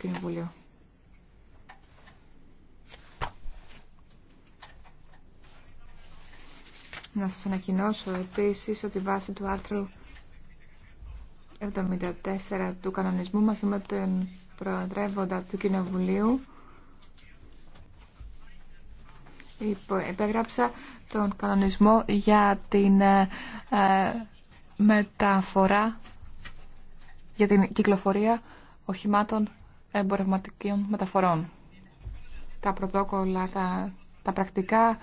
Κοινοβούλιο. Να σας ανακοινώσω επίσης ότι βάσει του άρθρου 74 του κανονισμού μαζί με τον Προεδρεύοντα του Κοινοβουλίου υπέγραψα τον κανονισμό για την ε, ε, μεταφορά για την κυκλοφορία οχημάτων εμπορευματικών μεταφορών. Τα πρωτόκολλα, τα, τα πρακτικά